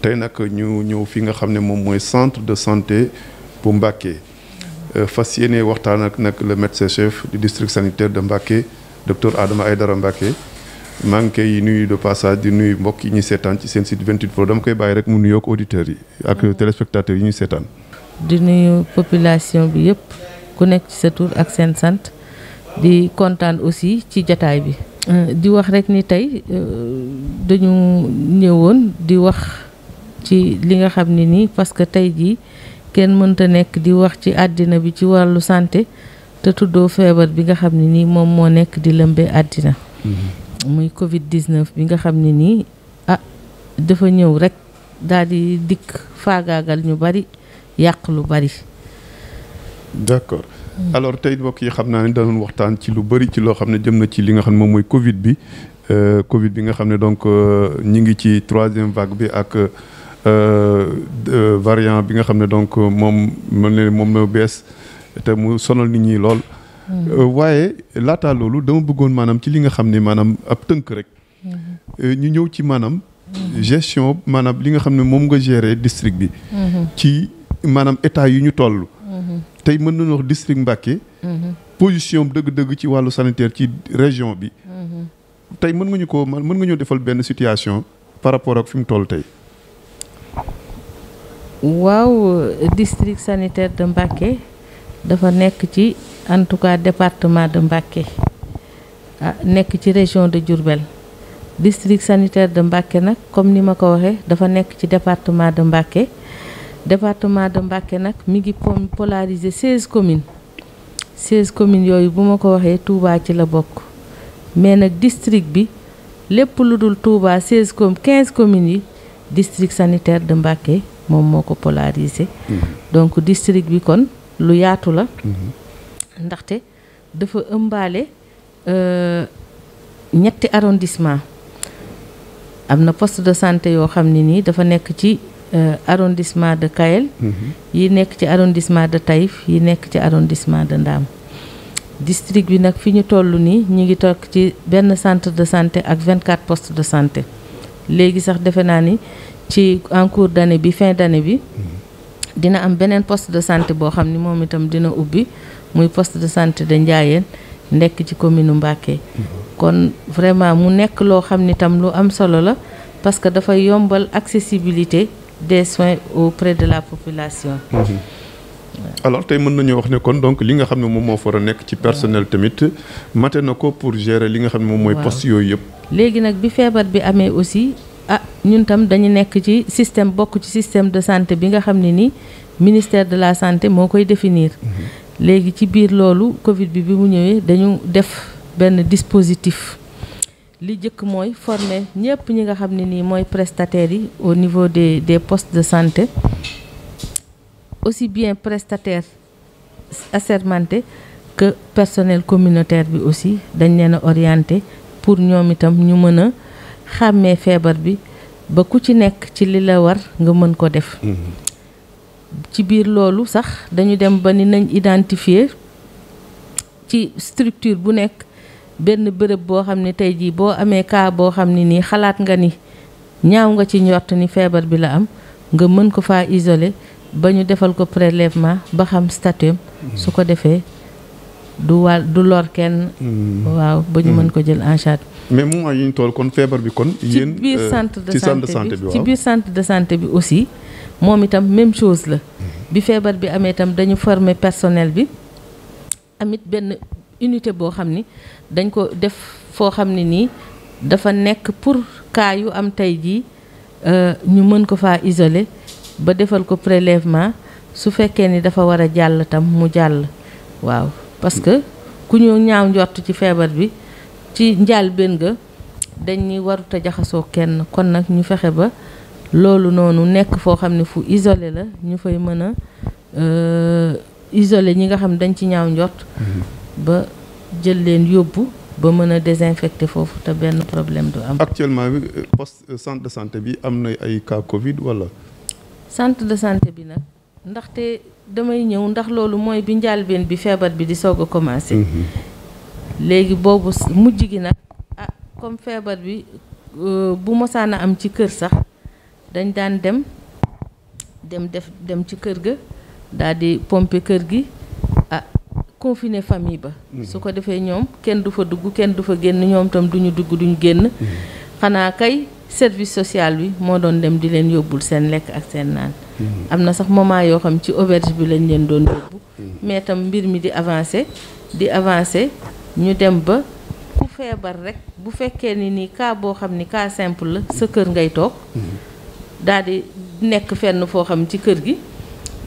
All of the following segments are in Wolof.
tey nag ñu ñëw fi nga xam ne moom mooy centre de santé bu Mbacké euh, fas yéene waxtaan ak nag le médecin chef du district sanitaire de Mbacké docteur Adama Aydara Mbacké maa ngi koy nuyu de passage di nuyu mbokk yi ñuy seetaan ci seen site 28 pro dama koy bàyyi rek mu nuyoog auditeurs yi ak mm. téléspectateurs yi ñuy seetaan. di nuyu population bi yëpp ku nekk ci sa tur ak seen sant di kontaan aussi ci jataay bi. Mm. di wax rek ni tey euh, dañu ñëwoon di wax. ci li nga xam ne nii parce que tey jii kenn mënta nekk di wax ci àddina bi ci wàllu santé te tuddoo feebar bi nga xam ne nii moom moo nekk di lëmbee àddina mm-hmm. muy covid 19 bi nga xam ne nii ah dafa ñëw rekk daal di dikk faagaagal ñu bari yàq lu bari d'accord mm. alors tey mbokk yi xam naa ne danoon waxtaan ci lu bari ci loo xam ne jëm na ci li nga xam ne moom mooy covid bi euh, covid bi nga xam ne donc euh, ñu ngi ci troisième vague bi ak Euh, euh, variant bi nga xam ne donc euh, moom mën ne moom la bees te mu sonal nit ñi lool. Mm-hmm. waaye laataa loolu dama bëggoon maanaam ci li nga xam ne maanaam ab tënk rek. Mm-hmm. ñu ñëw ci maanaam. Mm-hmm. gestion maanaam li nga xam ne moom nga gérer district bi. ci maanaam état yu ñu toll. tey mën nañu wax district Mbacké. position dëgg-dëgg ci wàllu sanitaire ci région bi. tey mën nga ñu ko mën nga ñëw defal benn situation par rapport ak fi mu toll tey. waaw district sanitaire de Mbacké dafa nekk ci en tout cas département de Mbacké ah nekk ci région de Diourbel district sanitaire de Mbacké nag comme ni ma ko waxee dafa nekk ci département de Mbacké département de Mbacké nag mi ngi polariser seize communes seize communes yooyu bu ma ko waxee Touba ci la bokk mais nag district bi lépp lu dul Touba seize com quinze communes yi district sanitaire de Mbacké moom moo ko polarisé. Mm-hmm. donc district bi kon lu yaatu la. Mm-hmm. ndaxte dafa ëmbaale euh, ñetti arrondissement am na poste de santé yoo xam ne nii dafa nekk ci euh, arondissement de Kaël. Mm-hmm. yi nekk ci arondissement de Taïf yi nekk ci arondissement de Ndaam. district bi nag fi ñu toll nii ñu ngi toog ci benn centre de santé ak 24 postes de santé léegi sax defe naa ni ci en cours d'année bi fin d'année bi dina am beneen poste de santé boo xam ni moom itam dina ubbi muy poste de santé de Ndiayène nekk ci commune Mbacké kon vraiment mu nekk loo xam ni tam lu am solo la parce que dafay yombal accessibilité des soins auprès de la population mhm. aloor tey mën nañu wax ne kon donc li nga xam ne moom moo foro a nekk ci personnel tamit mate na ko pour gérer li nga xam ne moom mooy poste yooyu yëpp léegi nag bi feebar bi amee aussi ah ñun tam dañu nekk ci système bokk ci système de santé bi nga xam ne ni ministère de la santé moo koy définir mhm. léegi ci biir loolu Covid bi bi mu ñëwee dañu def benn dispositif li jëkk mooy former ñëpp ñi nga xam ne nii mooy prestataires yi au niveau des des postes de santé aussi bien prestataires assermentés que personnel communautaire bi aussi dañ leen a orienté pour ñoom itam ñu mën a xàmmee feebar bi ba ku ci nekk ci li la war nga mën ko def mm-hmm. ci biir loolu sax dañu dem ba ni nañ identifier ci structure bu nekk benn bërëb boo xam ne tey jii boo amee kaa boo xam ne nii xalaat nga ni ñaaw nga ci njort ni feebar bi la am nga mën ko faa isoler ba ñu defal ko prélèvement ba xam statut mm-hmm. su ko defee du wàll du lor kenn mm-hmm. waaw ba ñu mën ko jël en mais moment yi ñu toll kon feebar bi kon. yéen euh, ci biir centre de santé bi ci biir centre de santé bi aussi moom itam même chose la. Mhm. bi feebar bi amee itam dañu former personnel bi amit benn unité boo xam ni dañ ko def foo xam ne nii dafa nekk pour cas yu am tey jii euh, ñu mën ko faa isoler ba defal ko prélèvement su fekkee ni dafa war a jàll tam mu jàll waaw parce que ku ñu ñaaw njort ci feebar bi. ci njëlbéen ga dañuy warut a jaxasoo kenn kon nag ñu fexe ba loolu noonu nekk foo xam ne fu isole la ñu fay mën a euh, isolé ñi nga xam dañ ci ñaaw njort mm-hmm. ba jël leen yóbbu ba mën a désinfecté foofu te benn problème du am. actuellement bi euh, euh, centre de santé bi am na ay cas Covid wala. centre de santé bi nag ndaxte damay ñëw ndax loolu mooy bi njëlbéen bi feebar bi di soog a commencé. Mm-hmm. léegi boobu mujj gi nag ah comme feebar bi euh, bu mosaan a am ci kër sax dañ daan dem dem def dem ci kër ga daal di pomper kër gi ah confiner famille ba. Mhm. su ko defee ñoom kenn du fa dugg kenn du fa génn ñoom tam duñu dugg duñu génn. Mhm. xanaa kay service social bi moo doon dem di leen yóbbul seen lekk ak seen naan. Mhm. am na sax moment yoo xam ci auberge bi lañ leen doon yóbbu. mais tam mbir mi di avancé di avancé ñu dem ba ku feebar rek bu fekkee ni ni cas boo xam ni kaa simple la sa kër ngay toog mm-hmm. daal di nekk fenn foo xam ci kër gi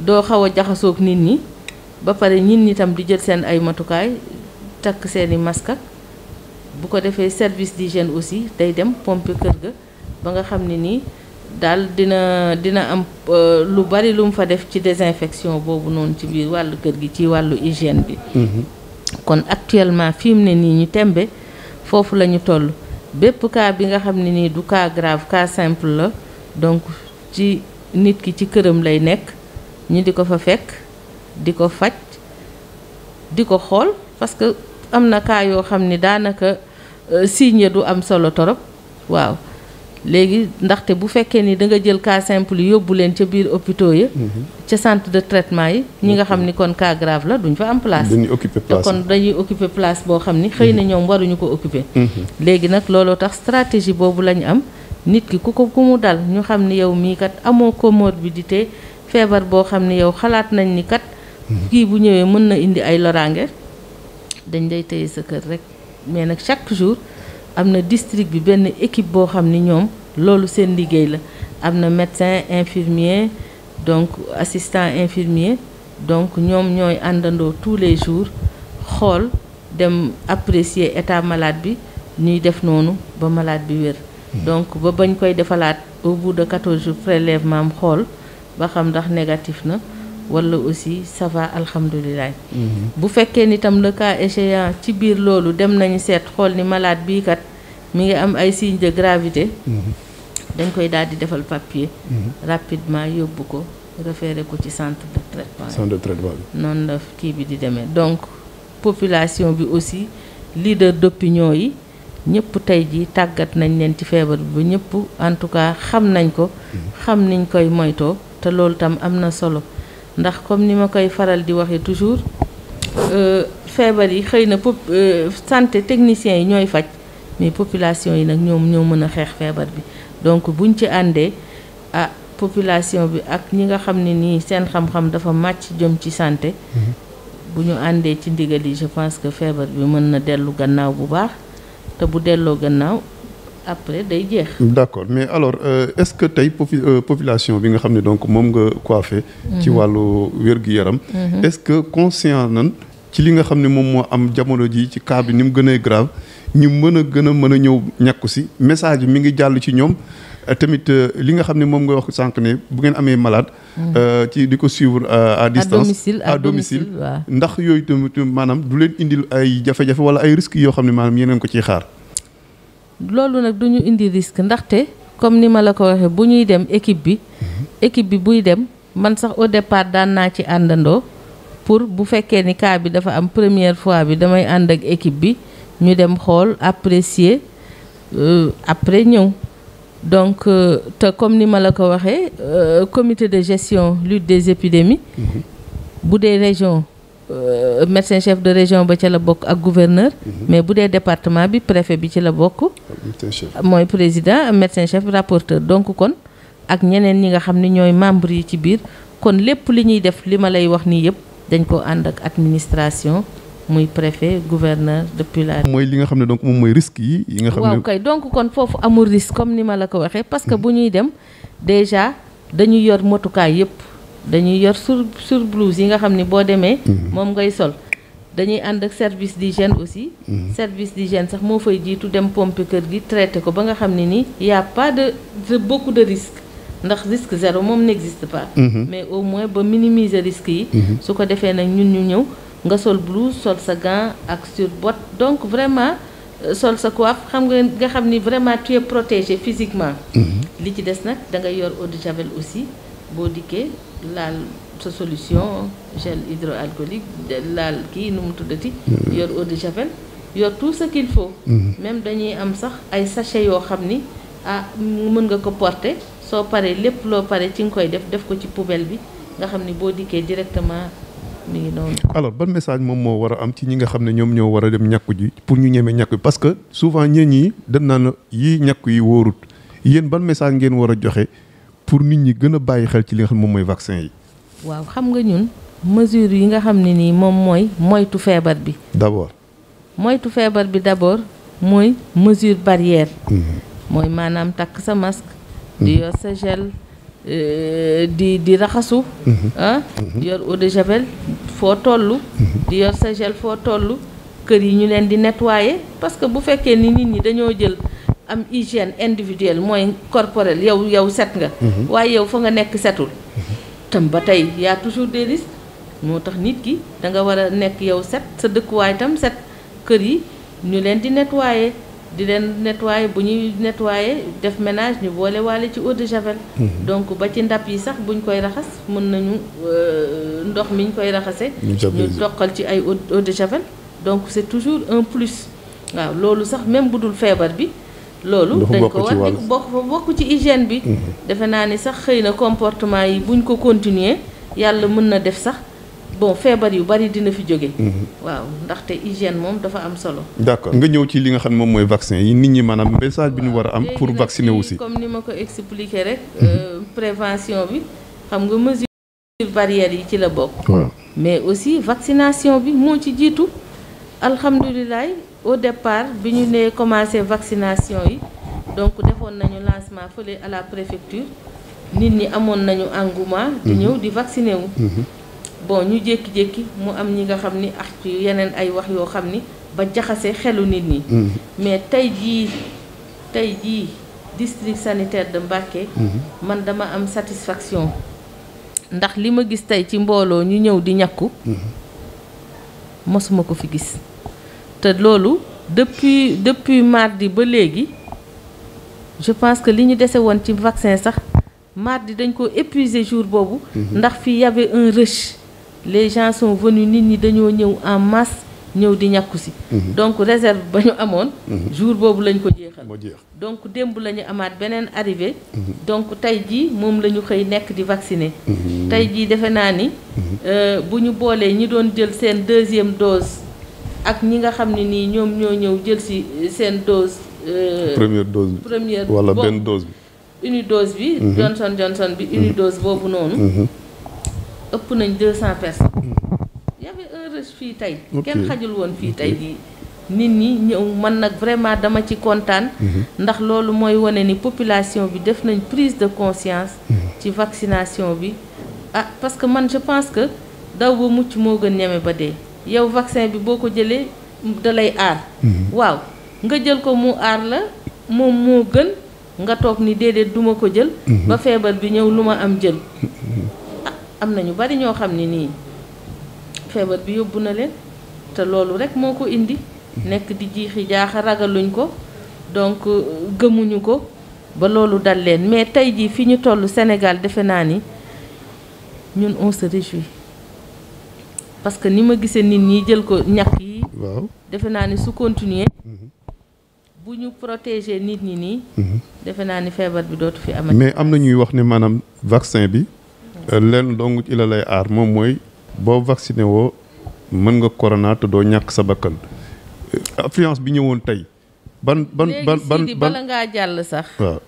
doo xaw a jaxasoog nit ñi ba pare nit ñi tam di jël seen ay matukaay takk seeni masque bu ko defee service di d'hygiène aussi day dem pompe kër ga ba nga xam ne nii daal dina dina am euh, lu bari lu mu fa def ci desinfection boobu noonu ci biir wàllu kër gi ci wàllu hygiène bi mm-hmm. kon actuellement fi mu ne nii ñu tembe foofu la ñu toll bépp cas bi nga xam ne nii du cas grave cas simple la donc ci nit ki ci këram lay nekk ñi di ko fa fekk di ko faj di ko xool parce que am na cas yoo xam ni daanaka euh, signe du am solo torop waaw léegi ndaxte bu fekkee ni da nga jël cas simple yóbbu leen ca biir hôpitaux yi. Mhm. ca centre de traitement yi. ñi nga xam ni kon cas la duñ fa am place. dañuy occuper place dañuy occuper place boo xam ni. xëy na mhm. ñoom waruñu ko occuper. Mhm. léegi nag looloo tax stratégie boobu la am nit ki ku ko ku mu dal ñu xam ni yow mii kat amoo bi di te feebar boo xam ni yow xalaat nañ ni kat. kii bu ñëwee mën na indi ay loraange dañ lay téye sa kër rek mais nag chaque jour. am na district bi benn équipe boo xam ni ñoom loolu seen liggéey la am na médecin infirmier donc assistant infirmier donc ñoom ñooy àndandoo tous les jours xool dem apprécier état malade bi ñuy def noonu ba malaat bi wér hmm. donc ba bañ koy defalaat au bout de 14 jours prélèvement am xool ba xam ndax négatif na wala aussi ça va mhm. bu fekkee ni tam le cas ci biir loolu dem nañu seet xool ni malaat bii kat mu ngi am ay signes de gravité. Mhm. dañ koy daal di defal papier. Mhm. rapidement yóbbu ko référé ko ci centre de traitement. centre de traitement bi. noonu la kii bi di demee donc population bi aussi leader ñoo yi. ñëpp tey jii tàggat nañ leen ci feebar bi ñëpp en tout cas xam nañ ko xam niñ koy moytoo te loolu tam am na solo ndax comme ni ma koy faral di waxee toujours euh, feebar yi xëy na pop euh, santé techniciens yi ñooy faj mais population yi nag ñoom ñoo mën a xeex feebar bi donc buñ ci àndee ah population bi ak ñi nga xam ne nii seen xam-xam dafa màcc jëm ci sante mm-hmm. bu ñu àndee ci ndigal yi je pense que feebar bi mën na dellu gannaaw bu baax te bu delloo gannaaw après day jeex. d' accord mais alors euh, est ce que tey euh, population bi nga xam ne donc moom nga coiffé. ci mhm. wàllu wér-gu-yaram. Mhm. est ce que conscient nan ci li nga xam ne moom moo am jamono ji ci cas bi ni mu gënee grave ñu mën a gën a mën a ñëw ñàkku si message bi mi ngi jàll ci ñoom. Euh, tamit euh, li nga xam ne moom nga wax sànq ne bu ngeen amee malade. Mhm. ci di ko suivre à distance à domicile ndax yooyu tamit maanaam du leen indil ay jafe-jafe wala ay risques yoo xam ne maanaam yeneen ko ciy xaar. loolu nag du ñu indi risque ndaxte comme ni ma la ko waxee bu ñuy dem équipe bi équipe bi buy dem man sax au départ daan naa ci àndandoo pour bu fekkee ni cas bi dafa am première fois bi damay ànd ak équipe bi ñu dem xool apprécier euh, après ñëw donc euh, te comme ni ma la ko waxee euh, comité de gestion lutte des épidémies mhm. bu dee région Euh, médecin chef de région ba ci la bokk ak gouverneur. Mhm. mais bu dee département bi préfet bi ci la bokk. mooy président médecin chef rapporteur donc kon ak ñeneen ñi nga xam ne ñooy membre yi ci biir kon lépp li ñuy def li ma lay wax nii yëpp dañ ko ànd ak administration muy préfet gouverneur depuis la. mooy li nga xam ne donc moom mooy risque yi. yi waaw kay donc kon foofu amul risque comme ni ma la ko waxee. parce que bu ñuy dem déjà dañuy yor motukaay yëpp. dañuy yor sur sur blouse yi nga xam ni boo demee. Mhm. moom ngay sol. dañuy ànd ak service d'hygiène aussi. Mhm. service genne sax moo fay jiitu dem pompe kër gi traité ko ba nga xam ne ni y' a de de beaucoup de risques ndax risque zéro moom n'existe pas. Mhm. mais au moins ba minimiser risques yi. su ko defee nag ñun ñu ñëw nga sol blouse sol sa gant ak bot donc vraiment euh, sol sa coiffe xam nga nga xam ni vraiment tu es protégé physiquement. li ci des nag da ngay yor eau de javel aussi boo dikkee. laal sa solution gel hydroalcoolique laal kii nu mu tuddati. Mm-hmm. yor eau de javel yor tout ce qu'il faut. Mm-hmm. dañuy am sax ay sachet yoo xam ni ah mën nga ko porter soo paree lépp loo pare ci nga koy def def ko ci poubelle bi nga xam ni boo dikkee directement mi ngi noonu. alors ban message moom moo war a am ci ñi nga xam ne ñoom ñoo war a dem ñakk ji pour ñu ñeme ñàkk parce que souvent ñeen ñi dañ naan yii ñàkk yi wóorut yéen ban message ngeen war a joxe. pour nit ñi gën a bàyyi xel ci li nga xam moom mooy vaccin yi. waaw xam nga ñun mesure yi nga xam ne nii moom mooy moytu feebar bi. d'abord. moytu feebar bi d'abord mooy mesure barrière. Mhm. mooy maanaam takk sa masque. di mhm. yor sa gel euh, di di raxasu. di mhm. ah, yor eau de javel foo toll. di yor sa gel foo toll. kër yi ñu leen di nettoyer parce que bu fekkee ni nit ñi dañoo jël. am hygiène individuelle mooy corporelle yow yow set nga. Mhm. waaye yow fa nga nekk setul. Mhm. tam ba tey yaa toujours des risques moo tax nit ki da nga war a nekk yow set sa dëkkuwaay tam set kër yi ñu leen di nettoyer di leen nettoyer bu ñuy nettoyer def ménage ñu boole waale ci eau de javel. Mhm. donc ba ci ndab yi sax buñ koy raxas mën nañu euh, ndox mi ñu koy raxase ñu doqal ci ay eau de javel donc c'est toujours un plus waaw loolu sax même bu dul feebar bi. loolu dañ ko war bokk bokk ci hygiène bi mhm. defe naa ni sax xëy na comportement yi buñ ko continuer yàlla mën na def sax bon feebar yu bari dina fi jóge mhm. waaw ndaxte hygiène moom dafa am solo d'accord nga ñëw ci li nga xam ne moom mooy vaccin yi nit ñi maanaam message bi ñu war a am pour vacciner aussi comme ni ma ko expliqué rek mhm. euh, prévention bi xam nga mesure barrière yi ci la bokk mais aussi vaccination bi moo ci jiitu alhamdulilah au départ bi ñu nee commencé vaccination yi donc defoon nañu lancement fële à la préfecture nit ñi amoon nañu engouement. di mhm. ñëw di vacciné wu. Mhm. bon ñu jékki-jékki mu am ñi nga xam ni ak ci yeneen ay wax yoo xam ni ba jaxasee xelu nit ñi. Mhm. mais tey jii tey jii district sanitaire de Mbacké. man dama am satisfaction. ndax li ma gis tey ci mbooloo ñu ñëw di ñàkku. mosuma ko fi gis. te loolu depuis depuis mardi ba léegi je pense que li ñu dese woon ci vaccin sax mardi dañ ko épuisé jour boobu. Mhm. ndax fii yabe un rush. les gens sont venus nit ñi dañoo ñëw en masse ñëw di ñàkku si. Mhm. donc réserve ba ñu amoon. Mhm. jour boobu lañ ko jeexal. donc démb la ñu amaat beneen arrivé. donc tey jii moom la ñu xëy nekk di vacciner. tey jii defe naa ni. Euh, bu ñu boolee ñi doon jël seen deuxième dose. ak ñi nga xam ne nii ñoom ñoo ñëw jël si eh, seen dose. Euh, première dose bi première wala benn dose bi. une dose bi. Mhm. Johnson Johnson bi uni mhm. dose boobu noonu. Mhm. ëpp nañ deux cent personnes. y avait fii tey. kenn xajul woon fii tey jii. nit ñi ñëw man nag vraiment dama ci kontaan. ndax loolu mooy wane ni population bi def nañ prise de conscience. ci vaccination bi ah parce que man je pense que daw ba mucc moo gën ñeme ba dee. yow vaccin bi boo ko jëlee da lay aar. Mhm. waaw nga jël ko mu aar la moom moo gën nga toog ni déedéet duma ko jël. Mhm. ba feebar bi ñëw lu ma am jël. Mhm. Ah, am na ñu bari ñoo xam ne nii feebar bi yóbbu na leen te loolu rek moo ko indi. nekk di jiixi jaaxa ragaluñ ko donc euh, gëmuñu ko ba loolu dal leen mais tey jii fi ñu toll Sénégal defe naa ni ñun on se réjouit. parce que ni ma gisee nit ñi jël ko ñàkk yi. waaw defe naa ni su continuer mhm. bu ñu protéger nit ñi nii. Mhm. defe naa ni feebar bi dootu fi amati. mais am na ñuy wax ne maanaam vaccin bi. Euh, lenn dong ci la lay aar moom mooy boo vacciné woo mën nga corona te doo ñàkk sa bakkan euh, affluence bi ñëwoon tey. ban ban ban ban léegi bala ngaa jàll sax. dama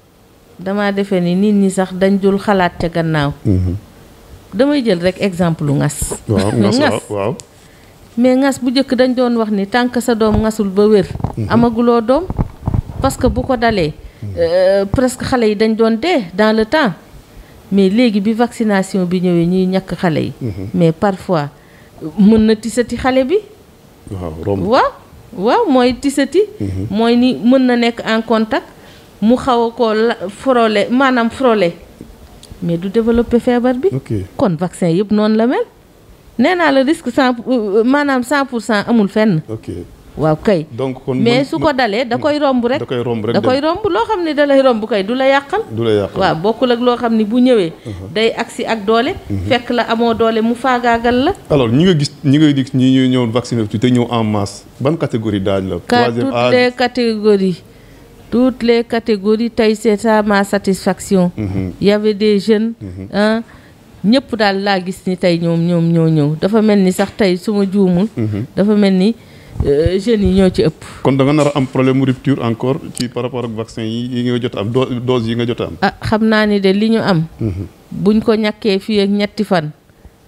damaa defe nit ñi sax dañ dul xalaat ca gannaaw. Mhm. damay jël rek exemple lu ngas. waaw ngas mais ngas bu njëkk dañ doon wax ni tànk sa doom ngasul ba wér. Mhm. amaguloo doom parce que bu ko dalee. Mhm. Euh, presque xale yi dañ doon dee dans le temps mais léegi bi vaccination bi ñëwee ñuy ñàkk xale yi. Mhm. mais parfois mën na tisati xale bi. waaw waaw mooy tisati. mooy ni mën na nekk en contact mu xaw a ko la maanaam frôlé. mais du développer feebar bi. kon vaccin yëpp noonu la mel. nee naa la risque san euh, maanaam san pour cent amul fenn. waaw kay. donc kon mais su ko dalee da koy romb rek. da koy romb rek da koy romb loo xam ne da lay romb kay du la yàqal. du la yàqal waaw bokkul ak loo xam ni bu ñëwee. Uh-huh. day agsi ak doole. Mm-hmm. fekk la amoo doole mu faagaagal la. alors ñi nga gis ñi nga gis ñi ñuy ñëw vacciné te ñëw en masse ban catégorie d'âge la. troisième âge toutes toutes les catégories tey c'est ça ma satisfaction mhm. y avait des jeunes ah ñëpp daal laa gis ni tey ñoom ñoom ñoo ñëw dafa mel ni sax tey suma ma juumul mhm. dafa mel ni euh, jeunes yi ñoo ci ëpp kon da nga nar am problème rupture encore ci par rapport ak vaccin yi nga jot am dose yi nga jot am ah xam naa ni de li ñu am buñ ko ñàkkee fii ak ñetti fan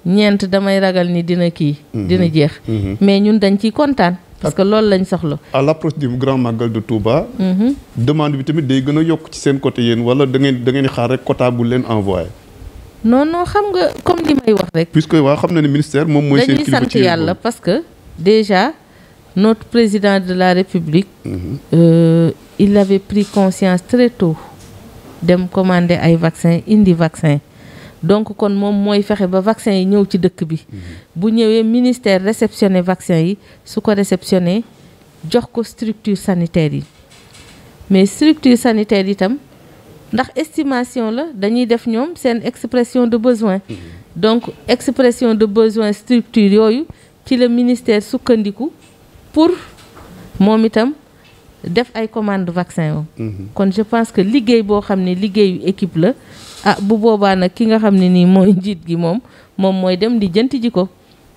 ñeent damay ragal ni dina kii dina jeex mais ñun dañ ciy kontaan parce que loolu lañ soxla. à l'approche du grand magal de Touba. Mhm. demande bi tamit day gën a yokk ci seen côté yéen wala da ngeen da ngeen xaar rek quota bu leen envoyé. non non xam nga comme li may wax rek. puisque waa xam na ne ministère moom mooy. seen kilifa dañuy yàlla parce que déjà notre président de la République. Mhm. Euh, il avait pris conscience très tôt dem commander ay vaccin indi vaccin donc kon moom mooy fexe ba vaccin yi ñëw ci dëkk bi mhm. bu ñëwee ministère réceptionné vaccin yi su ko réceptionné jox ko structure sanitaire yi mais structure sanitaire itam ndax estimation la dañuy def ñoom seen expression de besoin mhm. donc expression de besoin structure yooyu ci la ministère sukkandiku pour moom itam def ay commande vaccin mhm. kon je pense que liggéey boo xam ne liggéeyu équipe la ah bu boobaa nag ki nga xam ne nii mooy njiit gi moom moom mooy dem di jënti ji ko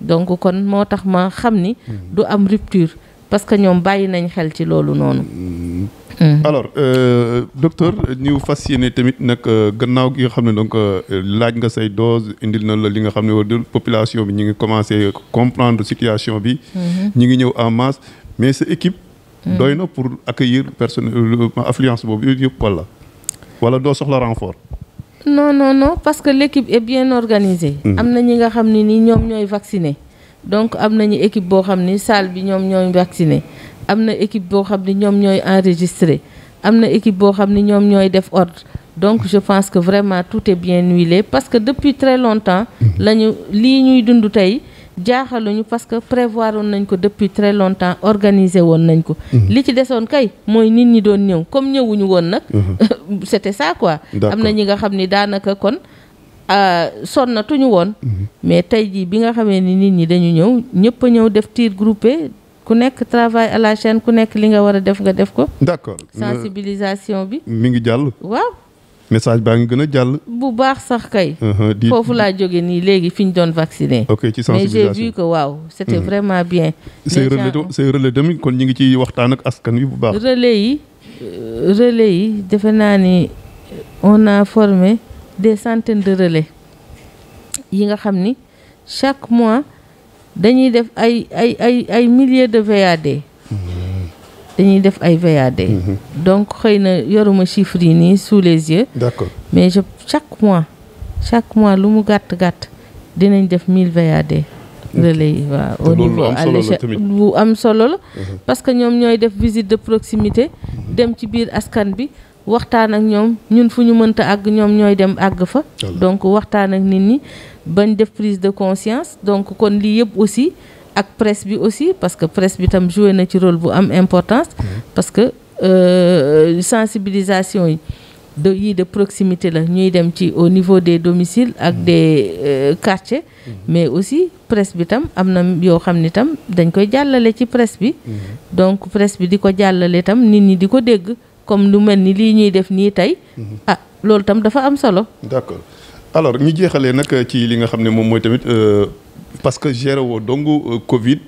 donc kon moo tax ma xam ni mhm. du am rupture parce que ñoom bàyyi nañ xel ci loolu noonu mhm. alors euh, docteur ñu fas yéene tamit nag euh, gannaaw gi nga xam ne donc euh, laaj nga say dose indil na la li nga xam ne war population bi ñu ngi commencé comprendre situation bi ñu ngi ñëw en masse mais sa équipe Mm. doy na pour accueillir personne euh, affluence boobu yëpp wala wala doo soxla renfort. non non non parce que l' équipe est bien organisée. Mm. am na ñi nga xam ne ni ñoom ñooy vacciné donc am nañu équipe boo xam ni salle bi ñoom ñooy vacciné am na équipe boo xam ni ñoom ñooy enregistré am na équipe boo xam ni ñoom ñooy def ordre. donc je pense que vraiment tout est bien huilé parce que depuis très longtemps mm. lañu lii ñuy dund tey jaaxaluñu parce que prévoir woon nañ ko depuis très longtemps organiser woon nañ ko. Mhm. li ci desoon kay mooy nit ñi doon ñëw comme ñëwuñu woon nag. Mhm. c'était ça quoi. am na ñi nga xam ni daanaka kon. Euh, sonnatuñu woon mhm. mais tey jii bi nga xamee ni nit ñi dañu ñëw ñëpp ñëw def tir groupé ku nekk travail à la chaîne ku nekk li nga war a def nga def ko d'accord sensibilisation bi mu ngi jàll waaw message baa ngi gën a jàll. bu baax sax kay. foofu laa jóge nii léegi fi ñu doon vacciné. ok ci sensibilisation mais j'ai vu que waaw c' mhm. vraiment bien. say relais say relais kon ñu ngi ciy waxtaan ak askan wi bu baax. relais yi euh, relais yi defe naa ni on a formé des centaines de relais yi nga xam ni chaque mois dañuy def ay ay ay ay milliers de VAD. Mhm. dañuy def ay VAD. Mhm. donc xëy na yoruma chiffres yi nii sous les yeux. mais je chaque mois chaque mois lu mu gàtt gàtt dinañ def mille VAD. relais waaw au niveau à bu am solo la. Mhm. parce que ñoom ñooy def visite de proximité. Mhm. dem ci biir askan bi waxtaan ak ñoom ñun fu ñu mënta àgg ñoom ñooy dem àgg fa. donc waxtaan ak nit ñi bañ def prise de conscience donc kon lii yëpp aussi. ak presse bi aussi parce que presse bi tam joué na ci role bu am importance mm-hmm. parce que euh, sensibilisation yi de yi de proximité la ñuy dem ci au niveau des domiciles ak mm-hmm. des euh, mm-hmm. mais aussi presse bi tam am na yoo xam ni tam dañ koy jàllale ci presse bi donc presse bi di ko jàllale tam nit ñi di ko dégg comme lu mel ni lii ñuy def nii tey ah loolu tam dafa am solo d'accord alors ñu jeexalee nag ci li nga xam ne moom mooy tamit euh, parce que gérer woo dong euh, Covid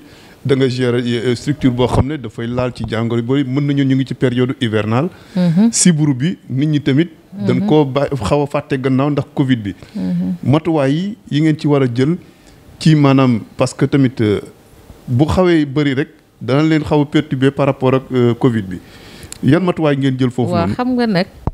da nga euh, euh, structure boo xam ne dafay laal ci jàngoro yu bëri mën nañu ñu ngi ci période hivernal mhm. siburu bi nit ñi tamit. Mhm. dañ koo ba xaw a fàtte gannaaw ndax Covid bi. Mhm. matuwaay yi ngeen ci war a jël ci maanaam parce que tamit bu xawee bëri rek dana leen xaw a perturber par rapport ak Covid bi yan matuwaay ngeen jël. foofu noonu waaw xam nga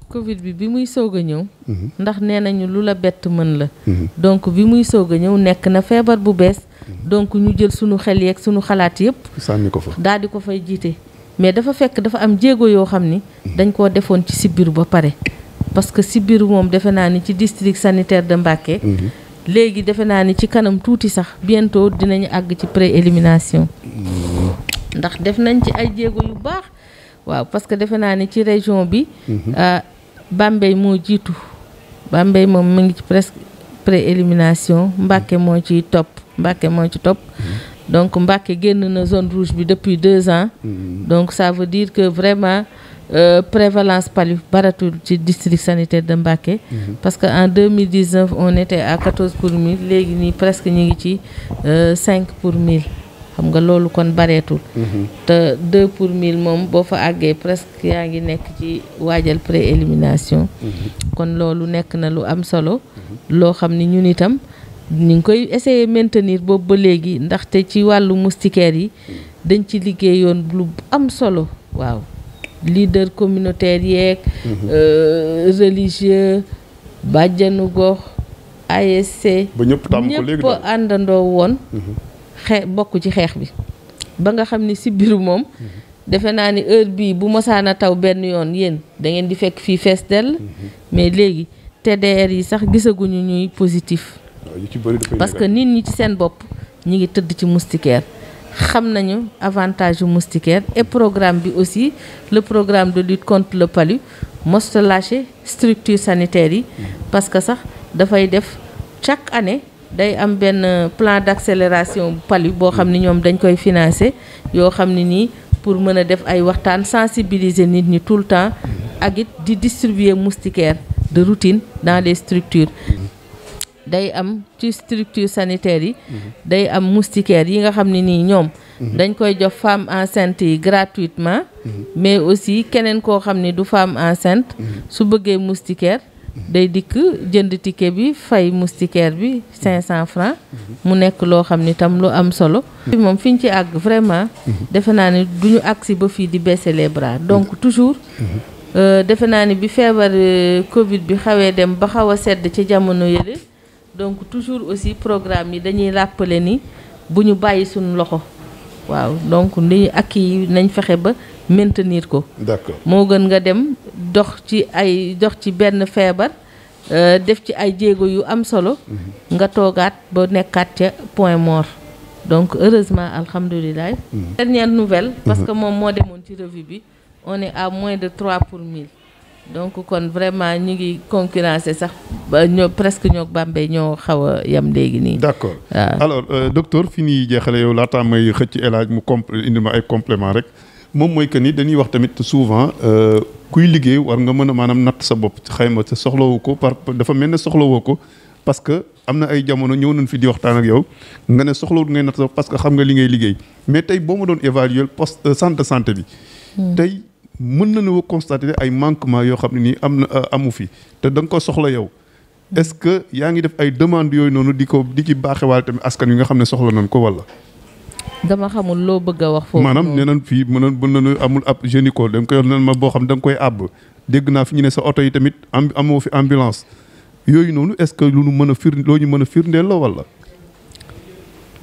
Covid bi bi muy soog a ñëw. Mhm. ndax nee nañu lu la bett mën la. Mhm. donc bi muy soog a ñëw nekk na feebar bu bees. Mhm. donc ñu jël sunu xel yeeg sunu xalaat yëpp. sànni daal di ko fay jiite. mais dafa fekk dafa am jéego yoo xam ni. dañ koo defoon ci sibbiru ba pare. parce que sibbiru moom defe naa ni ci district sanitaire de Mbacké. léegi defe naa ni ci kanam tuuti sax bientôt dinañu àgg ci pré élimination. ndax def nañ ci ay jéego yu baax. waaw parce defe naa ni ci région bi. Ah Bambey moo jiitu Bambey moom mu ngi ci presque pré-élimination Mbacké hmm. moo ciy topp Mbacké moo ci topp hmm. donc Mbacké génn na zone rouge bi depuis deux ans hmm. donc ça veut dire que vraiment Euh, prévalence palu baratul ci district sanitaire de Mbacké mm -hmm. parce que en 2019 on était à 14 pour mille léegi nii presque ñu ngi ci euh, cinq pour mille xam nga loolu kon bareetul mhm. te deux pour mille moom boo fa àggee presque yaa ngi nekk ci waajal pré élimination mhm. kon loolu nekk na lu am solo mhm. loo xam ni ñun itam ñu ngi koy essayer maintenir boobu ba léegi ndaxte ci wàllu moustiquaire yi dañ ci liggéeyoon lu am solo waaw leader communautaire yeeg euh, religieux bàjjanu gox ASC ba àndandoo woon xee bokk ci xeex bi ba nga xam ni si biiru moom defe naa ni heure bii bu mosaan a taw benn yoon yéen da ngeen di fekk fii fees dell mhm. mais léegi te TDR yi sax gisaguñu ñuy positif parce que nit ñi ci seen bopp ñi ngi tëdd ci moustiquaire xam nañu avantage yu moustiquaire et programme bi aussi le programme de lutte contre le palu mosut lâché structure sanitaire yi mhm. parce que sax dafay def chaque année day am benn plan d'accélération pali boo xam ni mm. ñoom dañ koy financer yoo xam ne nii pour mën a def ay waxtaan sensibiliser nit ñi tout le temps mm. ak it di distribuer moustiquaire de routine dans les structures mm. day am ci structure sanitaire yi mm-hmm. day am moustiquaire yi nga xam ne nii ñoom mm-hmm. dañ koy jox femme enceinte yi gratuitement mm-hmm. mais aussi keneen koo xam ni du femme enceinte su bëggee moustiquaire day dikk jënd ticket bi fay moustiquaire bi 500 francs mu nekk loo xam ni tam lu am solo. moom fi ñu ci àgg vraiment. defe naa ni du ñu àgg ba fii di baisser les bras donc toujours. Euh, defe naa ni bi feebar euh, Covid bi xawee dem ba xaw a sedd ci jamono yële donc toujours aussi programme yi dañuy rappeler ni bu ñu bàyyi suñu loxo waaw donc li ak yi nañ fexe ba. maintenir ko. d'accord moo gën nga dem dox ci ay dox ci benn feebar euh, def ci ay jéego yu am solo. Mhm. nga toogaat ba nekkaat ca point mort. donc heureusement alhamdulilah. Mhm. dernière nouvelle. parce mhm. que moom moo demoon ci revue bi on est à moins de trois pour 1000. donc kon vraiment ñu ngi concurrencer sax ba ñoo presque ñoo Bambey ñoo xaw a yem léegi nii. d' accord alors euh, docteur fi ñuy jeexale yow laataa may xëcc El Hadj mu compl indi ma ay complément rek. moom mooy que ni dañuy wax tamit souvent euh, kuy liggéey war nga mën a maanaam natt sa bopp xayma te soxlawu ko par dafa mel ne soxlawoo ko parce que am na ay jamono ñëw nañ fi di waxtaan ak yow nga ne soxlawut ngay natt sa bopp parce que xam nga li ngay liggéey mais tey boo ma doon évaluer poste santé euh, santé bi. Hmm. tey mën nañu constater ay manquement yoo xam ne nii am na euh, amu fi te da nga ko soxla yow. Hmm. est-ce que yaa ngi def ay demande yooyu noonu di ko di ci baaxewaale tamit askan wi nga xam ne soxla nañ ko walla. dama xamul loo bëgg a wax. foofu maanaam nee nañ fii mën nañu amul ab génico dañ koy wax nan ma boo xam da nga koy àbb dégg naa fi ñu ne sa oto yi tamit am amoo fi ambulance yooyu noonu est-ce que lu ñu mën a fir loo ñu mën a firndeel la walla.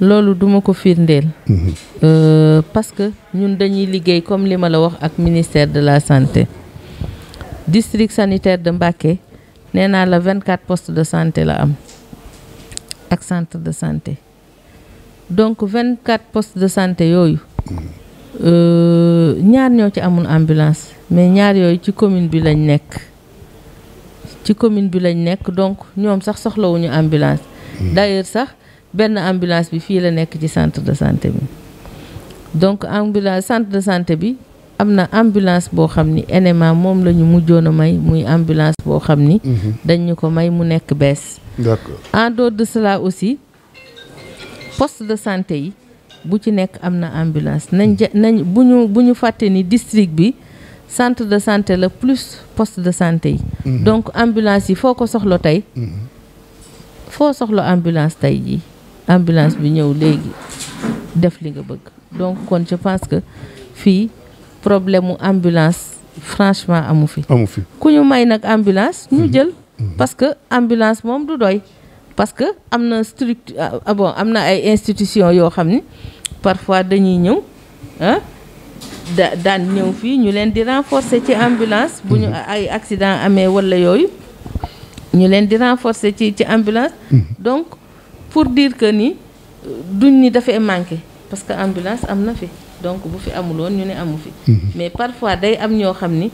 loolu duma ko firndeel. Mhm. Euh, parce que ñun dañuy liggéey comme li ma la wax ak ministère de la santé. district sanitaire de Mbacké nee naa la 24 postes de santé la am ak centre de santé. donc vingt quatre postes de santé yooyu euh, ñaar ñoo ci amul ambulance mais ñaar yooyu ci commune bi lañ nekk ci commune bi lañ nekk donc ñoom sax soxlawuñu ambulance hmm. d'ailleurs sax benn ambulance bi fii la nekk ci centre de santé bi donc ambulance centre de santé bi am na ambulance boo xam ni NMA moom la ñu mujjoon a may muy ambulance boo xam ni hmm. dañ ko may mu nekk bees en de cela aussi poste de santé yi bu ci nekk am na ambulance nañ ja nañ bu ñu bu ñu fàtte ni district bi centre de santé la plus poste de santé yi mhm. donc ambulance yi foo ko soxla tey mhm. foo soxla ambulance tey jii ambulance bi ñëw léegi def li nga bëgg donc kon je pense que fii problème mu ambulance franchement amu fi ku ñu may nag ambulance ñu mhm. jël parce que ambulance moom du doy parce que am na strict abon ah, ah am na ay institutions yoo xam ni parfois dañuy ñëw ah da daan ñëw fii ñu leen di renforcer ci ambulance bu ñu mhm. ay accident amee walla yooyu ñu leen di renforcer ci ci ambulance mhm. donc pour diir que ni euh, duñ ni dafay manqué parce que ambulance am na fi donc bu fi amuloon ñu ne amu fi mhm. mais parfois day am ñoo xam ni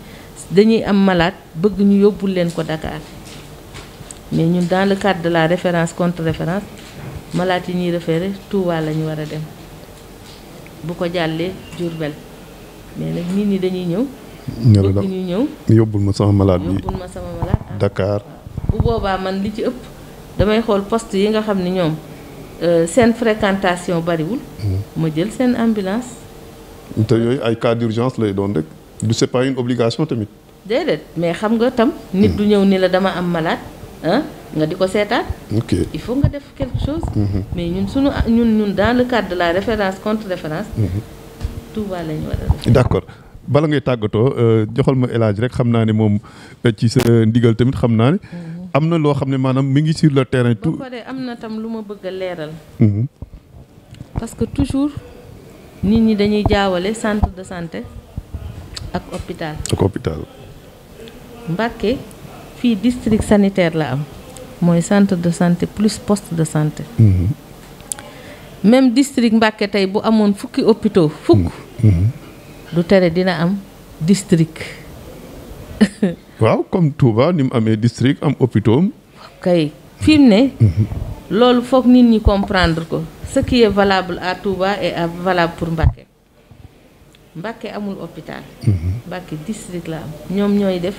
dañuy am malaat bëgg ñu yóbbul leen ko Dakar mais ñun dans le cadre de la référence contre référence malade yi ñuy référé Touba la ñu war a dem bu ko jàllee Diourbel mais nag nit ñi dañuy ñëw. bëgg ñu ñëw yóbbul ma sama malade bi yóbbul ma sama malade Dakar. bu boobaa man li ci ëpp damay xool poste yi nga xam ne ñoom euh, seen fréquentation bariwul. Hmm. ma jël seen ambulance. te yooyu ay cas d'urgence lay doon rek du c'est pas une obligation tamit. déedéet mais xam nga tam. nit hmm. du ñëw ni la dama am malaat ah nga di ko seetaan. ok il faut nga def quelque chose. Mhm. mais ñun suñu ñun ñun dans le cadre la référence contre référence. Mhm. Touba la ñu war d'accord bala ngay tàggatoo euh, joxal ma El Hadj rek xam naa ne moom euh, ci sa ndigal tamit xam naa ne. Mhm. am na loo xam ne maanaam mi ngi sur le terrain. tout am na tam lu ma bëgg a que toujours nit ñi dañuy jaawale centre de santé ak hôpital. ak fii district sanitaire la am mooy centre de santé plus poste de santé. Mhm. même district Mbàkke tey bu amoon fukki hôpitaux fukk. Mhm. Mhm. du tere dina am district. waaw comme Touba ni mu amee district am hôpitaux kay fi ne. loolu foog nit ñi comprendre ko ce qui est valable à Touba est valable pour Mbàkke Mbàkke amul hôpital. Mbàkke district la am ñoom ñooy def.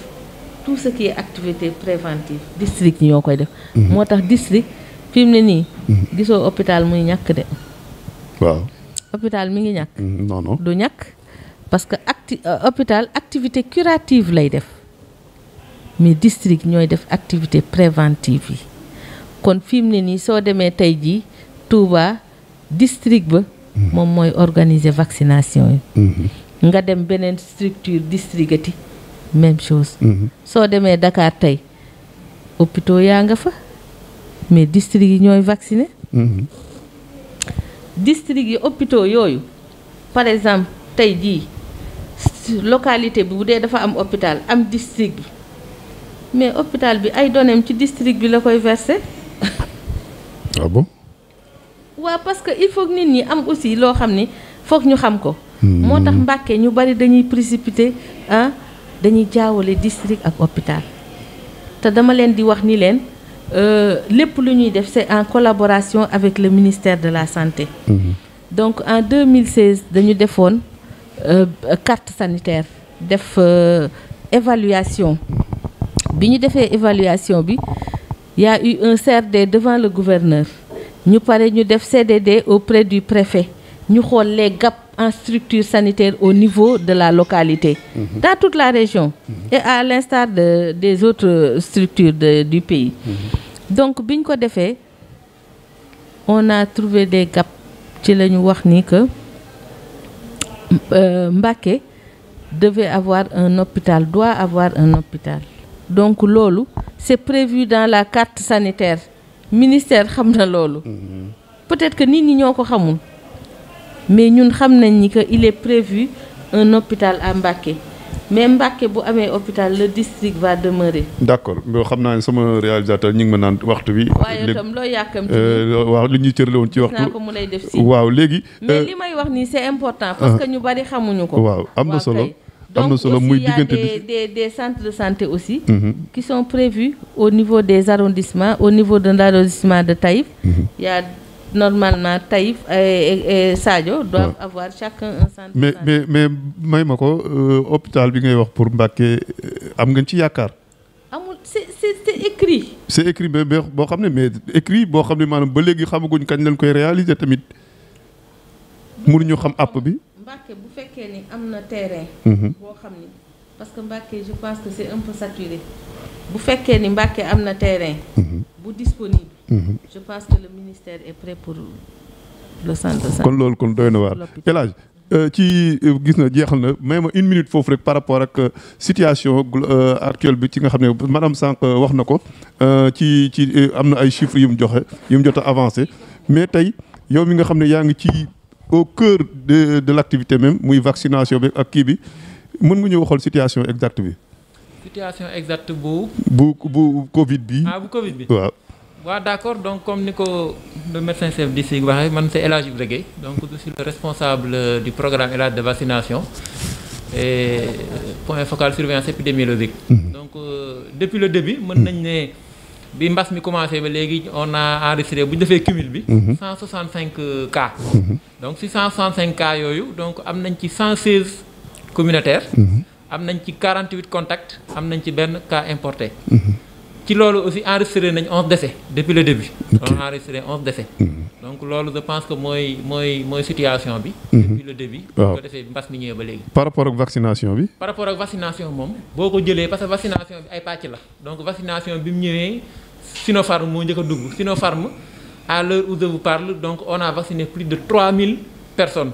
tout ce qui est activité préventive district ñoo koy def. Mhm. moo tax district fi mu ne nii. Mhm. gisoo hôpital muy ñàkk de. hôpital mi ngi ñàkk. Mhm, non du ñàkk parce que acti euh, hôpital activité curative lay def mais district ñooy def activité préventive yi kon fi mu ne nii soo demee tey jii Touba district ba. moom mooy organiser vaccination yi. nga dem beneen structure districtati même chose. Mm-hmm. soo demee Dakar tey hôpitaux yaa nga fa mais district yi ñooy vacciné. Mm-hmm. district yi hôpitaux yooyu par exemple tey jii localité bi bu dee dafa am hôpital am district bi mais hôpital bi ay doneem ci district bi la koy versé. ah bon. parce que il faut nit ñi am aussi loo xam ne foog ñu xam ko. Mm-hmm. moo tax Mbàkke ñu bari dañuy précipité ah. dañuy jaawale district ak hôpital te dama leen di wax ni leen euh, lépp lu ñuy def c'est en collaboration avec le ministère de la santé mhm. donc en 2016 dañu defoon euh, carte sanitaire def euh, évaluation bi ñu defee évaluation bi yaa u eu un CRD devant le gouverneur ñu pare ñu def CDD au du préfet ñu xool les gap en structure sanitaire au niveau de la localité. Mmh. Dans toute la région. Mhm. Et à l'instar de, des autres structures de, du pays. Mhm. Donc, bi biñ ko defee on a trouvé des gaps ci la ñu wax ni que euh, Mbacké devait avoir un hôpital doit avoir un hôpital. donc loolu c'est prévu dans la carte sanitaire ministère xam na loolu. Mhm. peut-être que nit ñi ñoo ko xamul. mais ñun xam nañ ni que il est prévu un hôpital à Mbacké mais Mbacké bu amee hôpital le district va demeurer. d' accord boo xam naa ne sama réalisateur ñu ngi ma naan waxtu bi. waaye itam loo yàkkamti. Euh, waaw lu ñuy cërle woon ci waxtu. ko lay def waaw léegi. mais euh, li may wax nii c' est important. parce ah. que ñu bari xamuñu ko. waaw am na solo am solo muy diggante donc aussi y' a des des des centres de santé aussi. Mhm. qui sont prévus au niveau des arrondissements au niveau de l' arrondissement de Taïf. Mhm. y' normalement Taïf et, et Sadio doivent avoir chacun un mais mais mais may ma ko euh, hôpital bi ngay wax pour Mbacké euh, am ngeen ci yaakaar. amul c'est c'est c'est écrit. c'est écrit boo xam ne mais écrit boo xam ne maanaam ba léegi xamaguñ kañ lañ koy réaliser tamit mënuñu xam app bi. Mbacké bu fekkee ni am na terrain. Mhm. parce que Mbacké je pense que c'est un peu saturé bu fekkee ni Mbacké am na terrain. Mhm. bu mhm. que le kon loolu kon doy na waar El euh, ci euh, gis na jeexal na même une minute foofu rek par rapport ak euh, situation actuelle bi ci nga xam ne madame Sànq wax na ko ci ci am na ay chiffres yu mu joxe yu mu jot avancé mais tey yow mi nga xam ne yaa ngi ci au cœur de de l' même muy vaccination bi ak kii bi mën nga ñëw waxool situation exacte bi. situation exacte bu. bu bu Covid bi. ah bu Covid bi waaw. waaw accord donc comme ni ko le médecin chef d'ici waxee man c' est El Hadj Ibra donc je suis le responsable du programme élage de vaccination et point focal surveillance épidémiologique. Mm-hmm. donc euh, depuis le début. mën nañ ne bi mbas mi commencé ba léegi on a enregistré bu ñu defee cumul bi. 165 mm-hmm. euh, cas. Mm-hmm. donc si 165 cas yooyu donc am nañ ci 116 communautaires. am nañ ci 48 contacts am nañ ci benn cas importé. Mhm. ci loolu aussi enregistré nañ 11 décès depuis le début. ok on a enregistré 11 décès. Mhm. donc loolu je pense que mooy mooy mooy situation bi. Mhm. depuis le début. waaw ko defee mbas mi ñëwee ba léegi. par rapport ak vaccination bi. par rapport ak vaccination moom boo ko jëlee parce que vaccination bi ay pàcc la donc vaccination bi mu ñëwee Sinopharm moo njëkk a dugg Sinopharm à l'heure où je vous parle donc on a vacciné plus de 3000 personnes.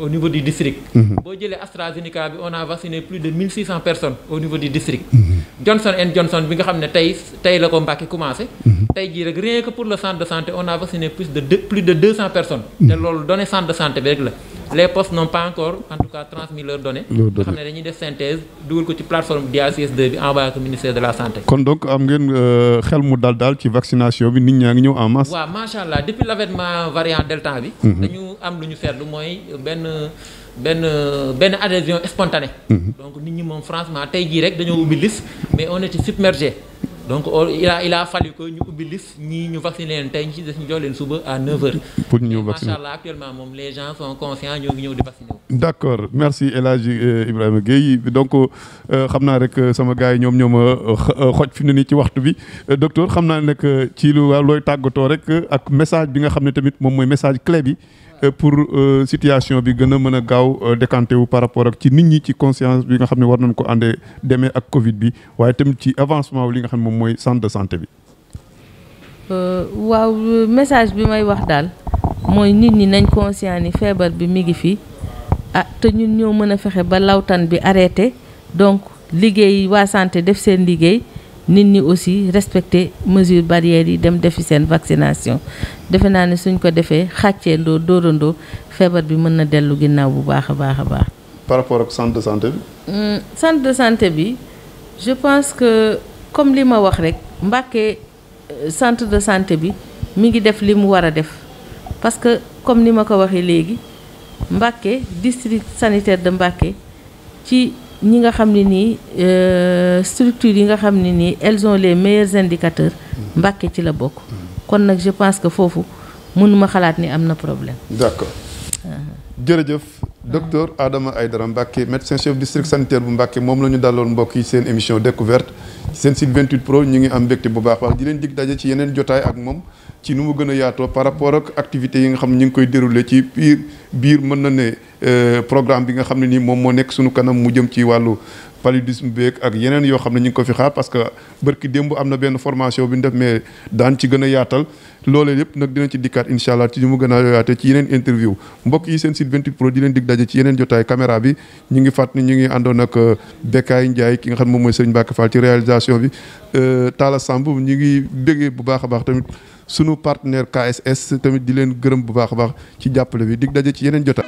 au niveau du district. Mhm. boo jëlee AstraZeneca bi on a plus de personnes au niveau du district. Mhm. Johnson and Johnson bi nga xam ne tey tey la ko Mbàkke commencé. Mhm. tey jii rek rien que pour le centre de santé on a plus de de personnes. te loolu données centre de santé bi rek la. les postes n'ont pas encore en tout cas transmis leurs données. nga xam ne dañuy def synthèse dugal ko ci plateforme DIACS2 bi envoyé ko ministère de la santé. kon donc am ngeen euh, xel mu dal daal ci vaccination bi nit ñaa ngi ñëw en masse. waaw macha allah depuis l'avènement variant delta bi. Mhm. dañu am lu ñu seetlu mooy benn benn benn adhésion spontanée. Mhm. donc nit ñi moom franchement tey jii rek dañoo ubbi liste mais on était submergé. donc il a a fallu ñu ubbi lif ñii ñu vacciner leen tey ñu jox leen suba pour ñu vacciner macha allah actuellement moom les gens sont conscients ñoo ngi ñëw di vacciner wu. d' accord merci El Hadj euh, Ibrahima Guèye donc euh, xam naa rek euh, sama gars yi ñoom ñoo ma xoj fi ne nii ci waxtu bi docteur xam naa nag ci lu looy tàggatoo rek ak message bi nga xam ne tamit moom mooy message clé bi. Euh, pour euh, situation bi gën a mën a gaaw euh, décanté wu par rapport ak ci nit ñi ci conscience bi nga xam ne war nañ ko àndee demee ak Covid bi waaye tamit ci avancement wu li nga xam ne moom mooy centre de santé bi. waaw message bi may wax daal mooy nit ñi nañ conscient ni feebar bi mi ngi fi ah te ñun ñoo mën a fexe ba lawtan bi arrêté donc liggéey waa santé def seen liggéey. nit ñi aussi respecter mesure barrières yi dem defi seen vaccination defe naa ne suñ ko defee xàccee ndoo dóorandoo feebar bi mën na dellu ginnaaw bu baax a baax a baax. par rapport ak centre de santé bi. Hmm, centre de je pense que comme li ma wax rek Mbàkke euh, centre de santé bi mi ngi def li mu war a def parce que comme ni ma ko waxee léegi Mbàkke district sanitaire de Mbàkke ci. ñi nga xam ne nii euh, structures yi nga xam ne nii elles ont les meilleurs indicateurs Mbàkke ci la bokk kon nag je pense que foofu mënuma xalaat ni am na problème d'accord ah. jërëjëf aadama ay dara Mbacke médecin chef district sanitaire bu Mbacke moom la ñu daloon mbokk yi seen émission découverte seen site pro ñu ngi am mbégte bu baax wax di leen dig daje ci yeneen jotaay ak moom ci nu mu gën a yaatoo par rapport ak activités yi nga xam ne ñu ngi koy déroulé ci biir mën na ne euh, programme bi nga xam ne nii moom moo nekk suñu kanam mu jëm ci wàllu paludisme beeg ak yeneen yoo xam ne ñu ngi ko fi xaar parce que bërki démb am na benn formation bi ñu def mais daan ci gën a yaatal loolee yëpp nag dinañ ci dikkaat incha allah ci ñu mu gën a yaate ci yeneen interview mbokk yi seen site 28 pro di leen dig ci yeneen jotaay caméra bi ñu ngi fàtt ni ñu ngi àndoon ak euh, Bekkaay Ndiaye ki nga xam ne moom mooy Serigne Mbacke Fall ci réalisation bi euh, Talla Samb ñu ngi béggee bu baax a baax tamit suñu partenaire KSS tamit di leen gërëm bu baax a baax ci jàppale bi dig daje ci yeneen jota